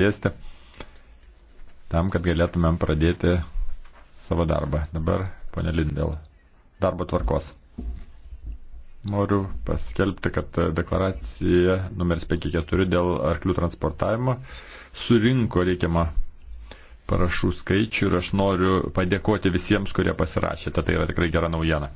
dėstė, tam, kad galėtumėm pradėti savo darbą. Dabar, ponė Lindėl, darbo tvarkos. Noriu paskelbti, kad deklaracija numeris 54 dėl arklių transportavimo surinko reikiamą parašų skaičių ir aš noriu padėkoti visiems, kurie pasirašėte. Tai yra tikrai gera naujiena.